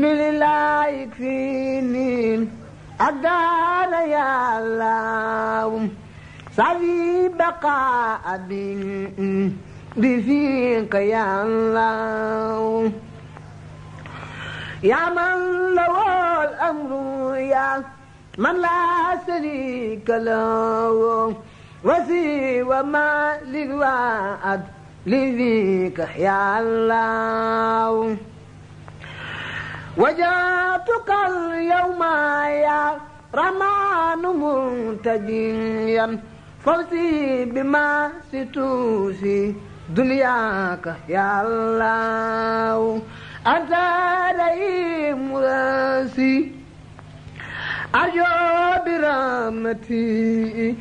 bismi lillaahi fiinin adaala yàllaawum safi baqa abin bifika yàllaawum yaa man lawool amru yaa man laa sharika lahu wasi wa ma lil waad lifika yàllaawum وجاتك اليوم يا رمان منتجيا فوزي بما ستوسي دنياك يا الله أنت رئيم راسي أجو برامتي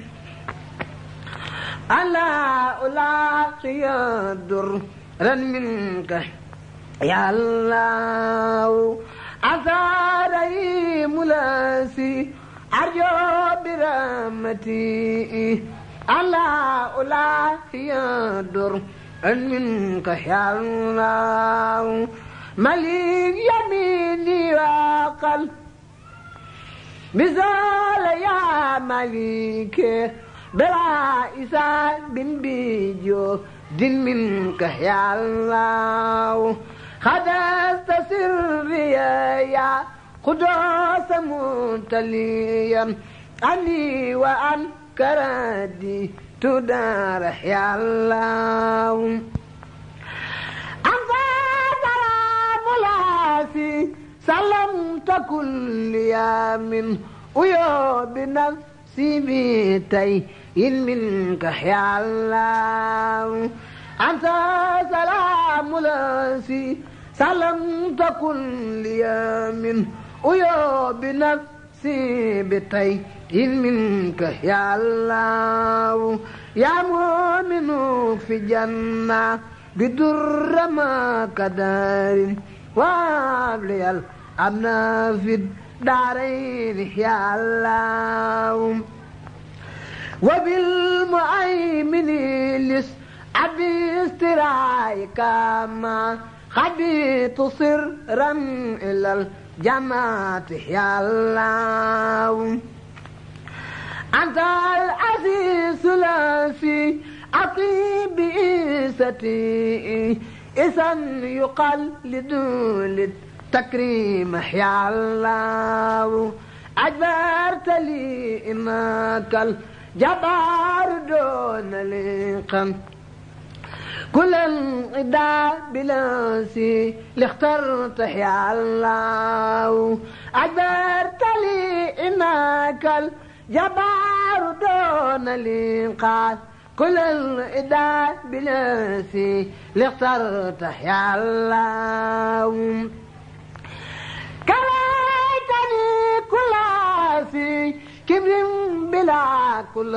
ألا ألاقي الدر رن منك يا الله أثاري ملاسي أرجو برحمتي ألا ألا يدر أن منك يا الله مليك يميني وقل بزال يا مليك بلا إسان بن بيجو دين منك يا الله خدست سريا يا قدوس منتليا عني وعن كردي تدارح يا الله أنت سلام لاسي سلمت كل يوم ويا بنفسي بيتي إن منك يا الله أنت سلام لاسي سلم تكن لي من أيا بنفسي بتي إذ منك يا الله يا مؤمن في جنة بدر ما كدار وابلي الأمن في الدارين يا الله وبالمؤمن لس أبي استرايك ما خبيت سرا إلى الجماعة يا الله أنت العزيز الأسي أطيب إيستي إذا يقال لدول التكريم يا الله أجبرت لي إماك الجبار دون لقم كل انقضاء بلاسي لاخترت يا الله أجبرت لي إنك الجبار دون الإنقاذ كل الإداء بلاسي لاخترت يا الله كرهتني كل في كبر بلا كل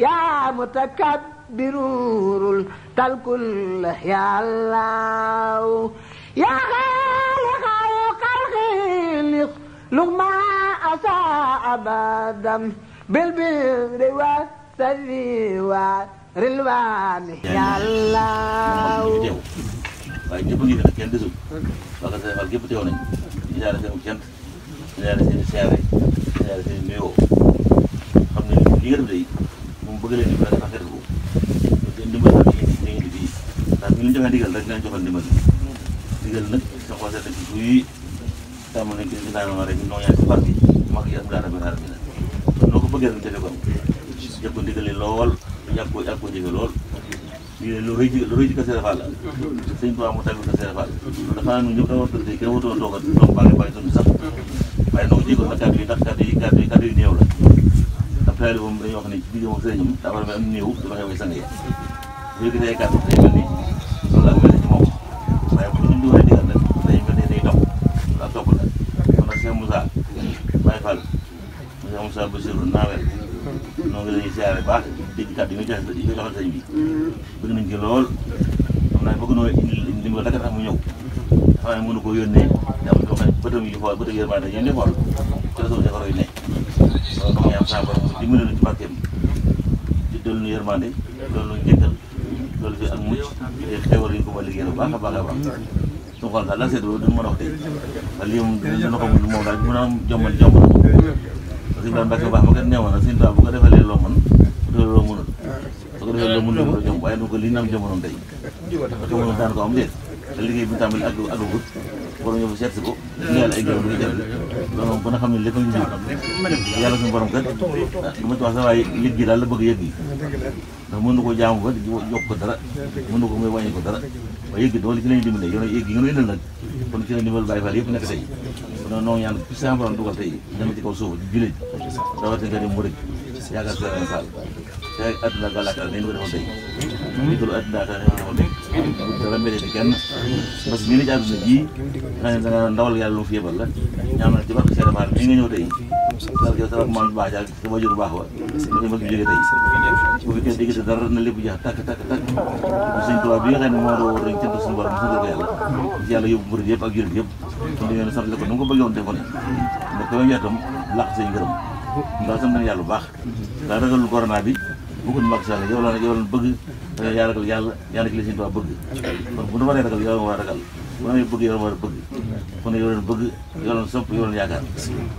يا متكبر برور الكل يا الله يا خالق الخلق لغما أساء أبدا بالبر والثري والرلوان يا الله waaye ñëpp a ngi nekk kenn desul waa Kër Saalum gépp teew nañu ñu daal seen cant ñu daal seen i seere ñu daal seen i nuyoo xam ne li nga def day moom bëgg leen di ba tax a ñu joxe ndigal rek dinañ joxal ndimbal ndigal nag tàmm nañ ko ñaanal rek ñoo ñaan ci barke mag yi alhamdulilah rabbil alamin noo ko bëggee rek defe ko jàpp ndigal li lool yàgg ko yàgg ko jëfe lool lii lu rëy lu rëy ci Kase Rafaal la sëñ Tuubaa mu a Kase Rafaal dafa nu ñëpp dafa tëdd kenn wutoon toogal ndax kàddu yi kàddu yi néew la ndax taali moom dañuy wax ne ci diggam ak sëriñam daa a sang ya bu ñu gisee kàddu day mel ni Baye Fall monsieur Moussa Bassirou Nawel noo ngi lay siyaare baax yi nga joxe yi nga joxal sëñ bi bëgg nañ ci lool xam naa bëgg noo indi li mu la tax mu ñëw dafa mënu ko yónnee dama ko xam ne bëtam yi xool bëtam yërmande yéen ñëpp xool ci la soog defaroo yu ne loolu dama ñaan saa borom mu dimbali nu ci barkeem di dool nu yërmande dool nu njëkkal dool fi ak mucc te xewal ko ba liggéeyal bu baax baax baax su xool daal la seetlu du mën a wax tey ndax lii moom dina ko mujj moom daal mën a am jommal jommal ko parce que daan bàkke baax ma kat neewoon na sin bu ko defalee loo mën bu defee loo mënul su ko defee loo mënul ko jom waaye du ko lii na am jamono tey jamono daan ko am déet te liggéey bi ñu tàmbali ak adugut borom ñëw fa seet si ko ñeel ay gërëm di ko jël loolu moom ba nga xam ne lépp ñu ñëw yàlla suñu borom kat du ma ci wax sax waaye yëg gi daal la bëgg yëg yi ndax mën na ko jaamu ko yokk ko dara mën na ko muy wàññi ko dara waaye yëg doole ci lañu dimbale yow yëg yi nga indal nag kon ci la dimbal Baye Fall yëpp nekk tey kon ñaan ci sa borom dugal tey dama ci kaw suuf di jullit rawatina nga dem murid yaakaar sa Baye Fall te àdduna ak àllaaxira ni ñu ko defoon tey ñu ko defoon tey dara da nga ndawal yàlla mu fi yebal nga ñëw tey sant man baax daal te ma jur baax wa ma ma jóge tey bu fekkee gis dara na lépp jeex tàkk tàkk tàkk sëñ Tuubaa bi nga xam ne moo doon war rek cant suñu borom sant ko yàlla yàlla yóbbu murid yëpp ak yëpp kon dañu leen sant ko nu mu ko bëggoon defoon ba ko yeetam làq seen gërëm ndax sant nañu yàlla bu baax ndax ragalul corona bi bëgguñu Macky Sall yow la yow la bëgg yaa ragal yàlla yàlla ki la sëñ Tuubaa bëgg kon bu nu waree ragal yow nga war a ragal bu nu waree bëgg yow nga war a bëgg ku ne yow leen bëgg yow leen sopp yow leen yaakaar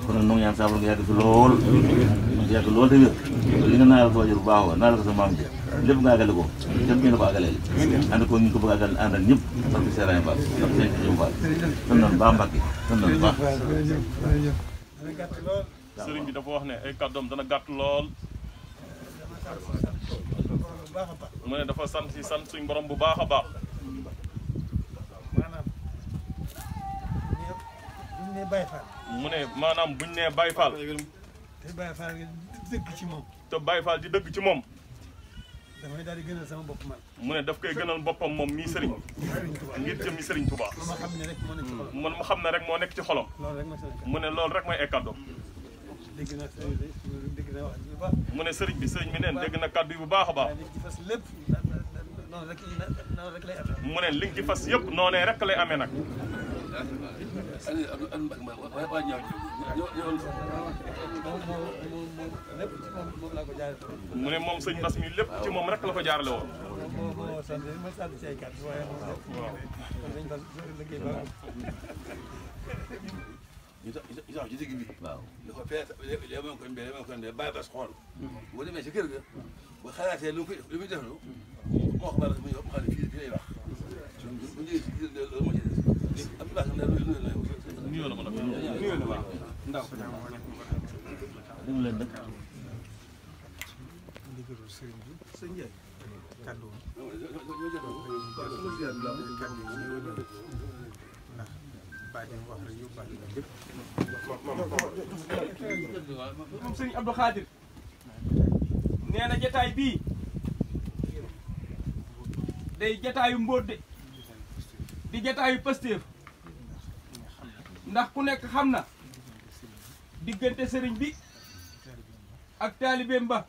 kon nag nu ngi ñaan nga yàgg fi lool mu yàgg lool te wér li nga naanal sa wajur bu baax la ko sa maam ji lépp nga àggale ko kenn ñu la ko àggaleel ànd ko ñu ko bëgg àggal àndal ñëpp parce que ba baax parce que seen baax san noonu baax Mbàkke san noonu baax sëriñ bi dafa wax ne ay kàddoom dana gàtt lool mu ne dafa sant si sant suñ borom bu baax a baax ne Baye mu ne maanaam buñ nee Baye Fall. te Baye Fall di dëgg ci moom. te Baye Fall di dëgg ci moom. damay daal di gënal bopp man. mu ne daf koy gënal boppam moom mii Serigne. ngir jëmmi Serigne Touba. man ma xam ne rek moo xam ne rek moo nekk ci xolam. Mm, mu ne loolu rek mooy ekkandoo. dégg na dégg na wax bu baax. mu ne Serigne bi Serigne bi neen dégg na kàddu yi bu baax a baax. mu ne li nga ci fas yëpp noonee rek lay amee nag. mu ne moom sëñ Bass mi lépp ci moom rek la ko jaarale woon. waaw. ñu tax ñu tax ci digg bi. waaw li ko fee li ma ko mbéy li ma ko mbéy bàyyi bas xool. boo demee ci kër ga. bu xalaatee lu muy lu muy def lu. moo ko baal mu ñëw mu xam ne fii fii lay wax. bu ñu jógee ci kër ga loolu moo ci des. déglu leen nag. ndigalul sëriñ bi sëñ Ndiaye kàddu ndax bàjjen wax rek yu bàjjen lépp moom sëriñ Abdou Khadir nee na jataay bii day jataayu mbóot de di jataayu Pastef ndax ku nekk xam na diggante sëriñ bi ak taalibeem ba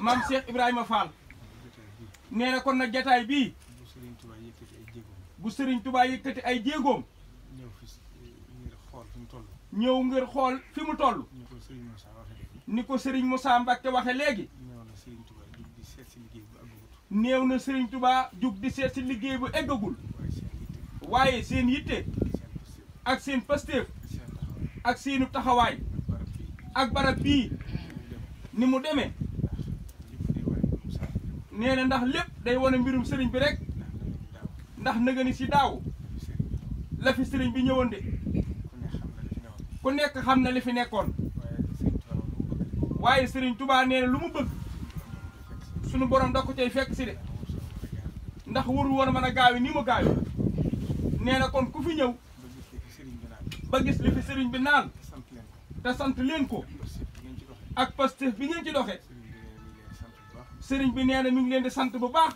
maam Cheikh Ibrahima Fall nee na kon nag jataay bii bu sëriñ Touba yëkkati ay jéegoom ñëw ngir xool fi mu toll ni ko sëriñ Moussa Mbacke waxe léegi néew na sëriñ Touba jug di seet si liggéey bu eggagul waaye seen yitte ak seen pasteef ak seenu taxawaay ak barab bii ni mu demee nee ndax lépp day wane mbirum sëriñ bi rek ndax nëgëni si daaw la fi sëriñ bi ñëwoon de ku nekk xam na li fi nekkoon waaye sëriñ Touba nee lu mu bëgg sunu borom da ko cay fekk si de ndax warul woon mën a gaawi ni mu gaawi nee na kon ku fi ñëw ba gis li fi sëriñ bi naan te sant leen ko ak pastef bi ngeen ci doxe sëriñ bi nee na mi ngi leen di sant bu baax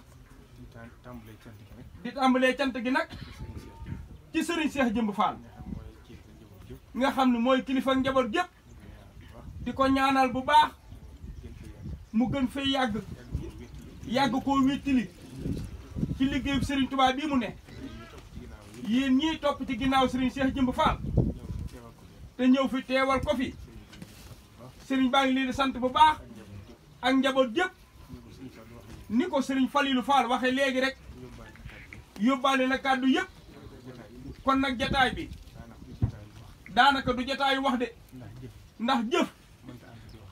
di tàmbalee cant gi nag ci sëriñ Cheikh Jëmb Fall nga xam ne mooy kilifa njaboot yëpp di ko ñaanal bu baax mu gën fay yàgg yàgg koo wéttili ci liggéeyu sëriñ Tuubaa bii mu ne yéen ñii topp ci ginnaaw Serigne Cheikh Jëmb Fall te ñëw fi teewal ko fi Serigne baa ngi leen di sant bu baax ak njaboot yëpp ni ko Serigne Falilou Fall waxee léegi rek yóbbaale na kàddu yëpp kon nag jataay bi daanaka du jataayu wax de ndax jëf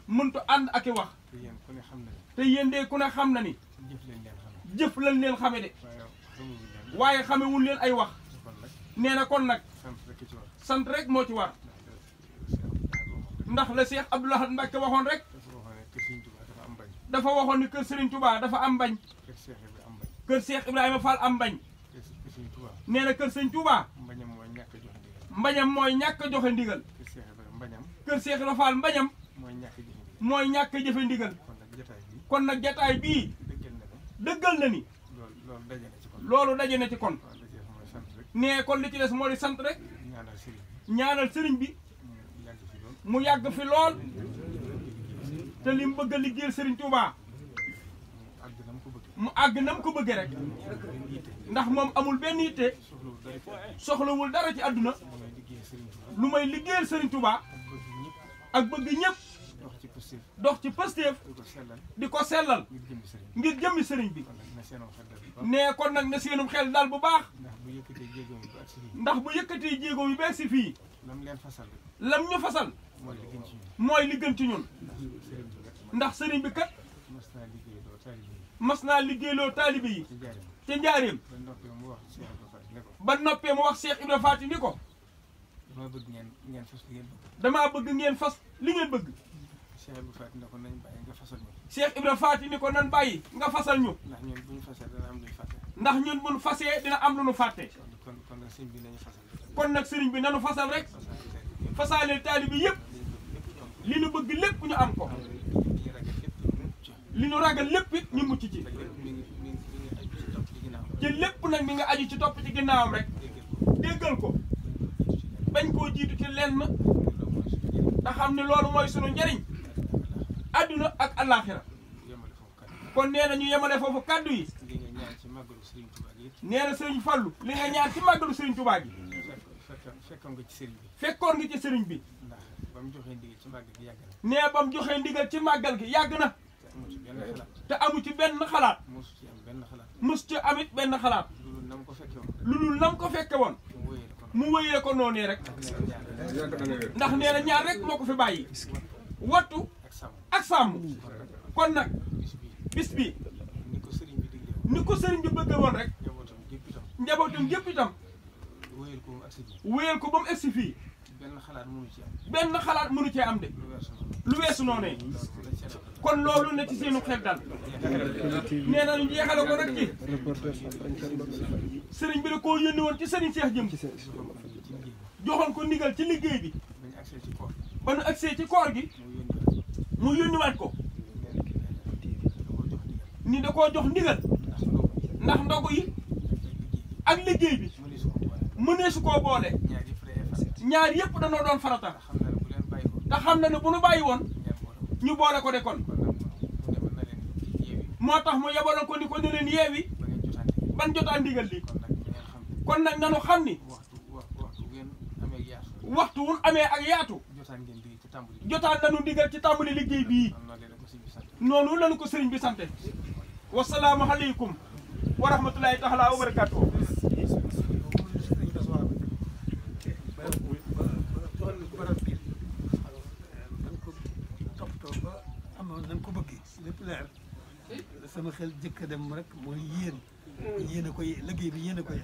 mëntu ànd ak i wax te yéen de ku ne xam na ni jëf lañ leen xame de waaye xamewul leen ay wax nee na kon nag sant rek moo ci war ndax la seex Abdoul Ahad Mbacké waxoon rek dafa waxoon ni kër Serigne Touba dafa am bañ kër Cheikh Ibrahima Fall am bañ nee na kër Serigne Touba mbañam mooy ñàkk a joxe ndigal mooy ñàkk a joxe ndigal kër Cheikh Ibrahima Fall mbañam mooy ñàkk a jëfe ndigal kon nag jataay bii dëggal na ni loolu daje na ci kon nee kon li ci des moo di sant rek ñaanal sëriñ bi mu yàgg fi lool te li mu bëgg a liggéeyal sëriñ Touba mu àgg na mu ko bëggee rek ndax moom amul benn yitte soxlawul dara ci àdduna lu may liggéeyal sëriñ Touba ak bëgg ñëpp dox ci pësteef di ko sellal ngir jëmmi sëriñ bi nee kon nag na seenum xel daal bu baax bu yëkkatee jéegoom yi ba agsi fii. bu yëkkatee jéegoom yi ba agsi fii. lam leen fasal. lam ñu fasal. mooy li gën ci ñun. mooy li ndax sëriñ bi kat. mas naa liggéeyloo taalibe yi. mas naa liggéey loo taalibe yi. te njaareem. ba noppee mu wax Cheikh Ibrahima Fati ni ko. ba noppee mu wax Cheikh Ibrahima Fati ni ko. damaa bëgg ngeen ngeen fas li ngeen bëgg. damaa bëgg ngeen fas li ngeen bëgg. Cheikh Ibrahima Fati ni ko nañ bàyyi nga fasal ñu. Cheikh Ibrahima Fati ni ko nan bàyyi nga fasal ñu. ndax ñun bu ñu fasee dana am luy fàtte. ndax ñun buñ fasee dina am lu nu fàtte. kon nag sëriñ bi nanu fasal rek fasaale taali bi yëpp li nu bëgg lépp ñu am ko li nu ragal lépp it ñu mucc ci te lépp nag mi nga aju ci topp ci am rek déggal ko bañ koo jiitu ci lenn te xam ne loolu mooy sunu njariñ adduna ak àllaaxira kon nee na ñu yemale foofu kàddu yi nee na sëriñ Fallu li nga ñaan ci màggalu sëriñ Tuubaa gi. fekkoon nga ci sëriñ bi. fekkoon nga ci sëriñ bi. ndax ba mu joxee ndigal ci màggal gi yàgg na. nee ba mu joxee ndigal ci màggal gi yàgg na. te amu ci benn xalaat. mosu ci benn xalaat. mosu ci amit benn xalaat. lu dul ko fekke lu dul nam ko fekke woon. mu wëyee ko noonee rek. ndax nee na ñaar rek moo ko fi bàyyi. wattu ak sàmm. kon nag bis bi. ni ko sëriñ bi bëgg woon rek. njabootam gépp itam. njabootam gépp itam. wéyal ko ba mu egsi fii. ko ba mu fii. benn xalaat mënu ci benn xalaat mënu cee am de. lu weesu noonu kon loolu na ci seenu xel daal. nee na ñu jeexale ko rek ci. sëriñ bi da koo yónni woon ci sëriñ Cheikh jëm. joxoon ko ndigal ci liggéey bi. ba nu agsee ci koor gi. mu yónniwaat ko. ni da koo jox ndigal. ndax ndogu yi ak liggéey bi mënee su koo boole ñaar yëpp danoo doon farata ta xam na ne bu nu bàyyi woon ñu boole ko de kon moo tax mu yebaloon ko ni ko ne leen yeewi ban jotaan ndigal lii kon nag nanu xam ni waxtu wun amee ak yaatu jotaan nanu ndigal ci tàmbali liggéey bii noonu lanu ko sëriñ bi sante wasalaamu aleykum wa rahmatulahi taala wa barakatuh sama xel jëkk a dem rek mooy yéen yéen a koy liggéey bi yéen a koy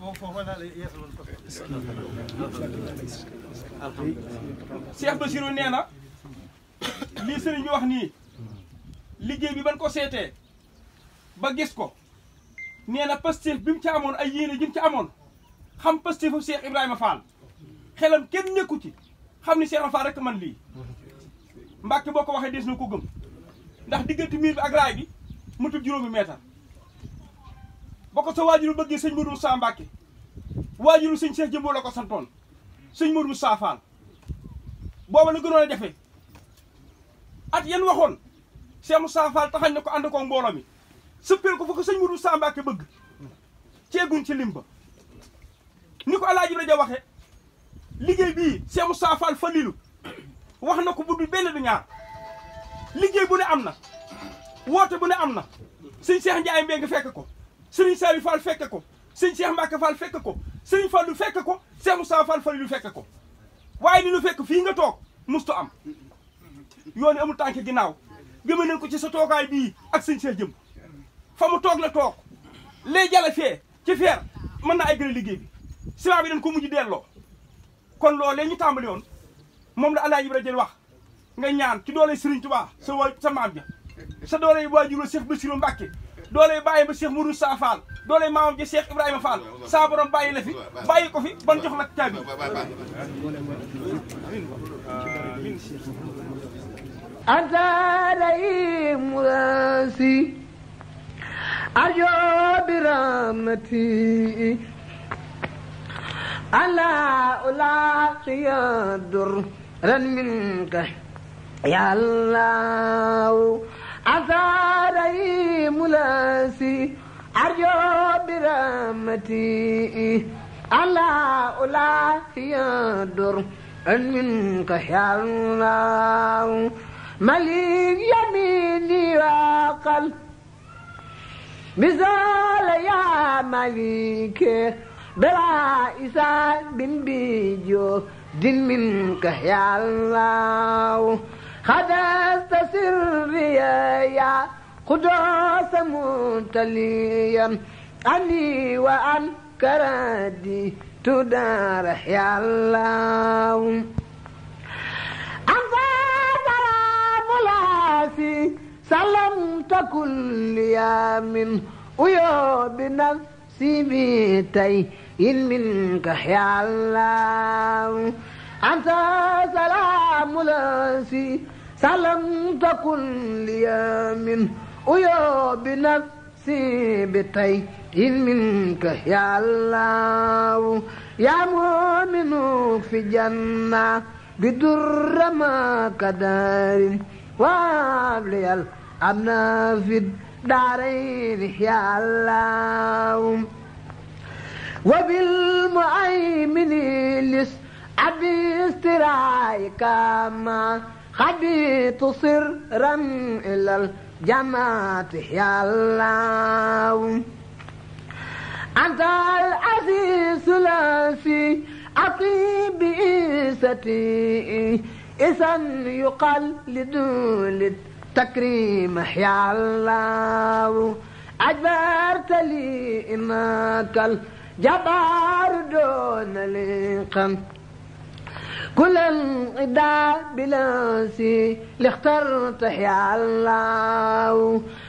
boo foofa daal yeesaloon ko Cheikh Bassirou nee na lii sëriñ bi wax nii liggéey bi ban ko seetee ba gis ko nee na Pastef bi mu ci amoon ay yéene ji mu ci amoon xam Pastefu Cheikh Ibrahima Fall xelam kenn nekku ci xam ni Cheikh Fall rekk man lii Mbàkke boo ko waxee des na ko gëm ndax diggante miir bi ak raay bi mu tudd juróomi meetar ba ko sa waajuru bëggee sëñ Modou Moussa Mbàkke waajuru sëñ Cheikh Jëmboo la ko santoon sëñ Modou Moussa Fall booba la gënoon a jafe at yan waxoon Cheikh Moussa Fall taxañ ne ko ànd ko mbooloo mi sëppeel ko fa ko sëñ Mourou Sambake bëgg ceeguñ ci limba ni ko El Hadj Ibrahima waxee liggéey bii Cheikh Moustapha Fall wax na ko bu dul benn du ñaar liggéey bu ne am na woote bu ne am na sëñ Cheikh Ndiaye Mbengue fekk ko sëriñ Saliou Fall fekk ko sëñ Cheikh Mbacke Fall fekk ko sëriñ Fallou fekk ko Cheikh Moustapha Fall Falilou fekk ko waaye ni lu fekk fii nga toog mustu am yoon amul tànk ginnaaw gëma nañ ko ci sa toogaay bii ak sëñ Cheikh jëm fa mu toog la toog lay jala fee ci feer man na ay gën a liggéey bi ciment bi dañ ko mujj delloo kon loolee ñu tàmbali woon moom la Alaaji Ibra jël wax nga ñaan ci doole Serigne Touba sa wa sa maam ja sa doole waajur Cheikh Bassirou Mbacké doole bàyyi ba Cheikh Mourou Sa Fall doole maamam ja Cheikh Ibrahima Fall saa borom bàyyi la fi bàyyi ko fi ban jox la caabi anta lay murasi أرجو برامتي ألا ألاقي درا منك يا الله أثاري ملاسي أرجو برامتي ألا ألاقي درا منك يا الله مليك يميني وقلبي مثال يا مليك بلا إسان بن بيجو دين منك يا الله خدست سريا يا قدوس متليا عني وعن كردي تدار يا الله أنت ترى ملاسي سلم تكن لي من ويوب نفسي بيتي إن منك يا الله أنت سلام لاسي سلم تكن لي من ويوب نفسي بيتي إن منك يا الله يا مؤمن في جنة بدر ما كدار وابلي am na fi daarayni yaa allah wa bil mu'aymini lis abi istiraayka ma xabitu sirran ilal jamaati yaa allah anta al azizu lasi أطيب إيستي إذا يقال لدولد التكريم يا الله أجبرت لي إنك الجبار دون لقم كل انقضاء بلا سي لاخترت يا الله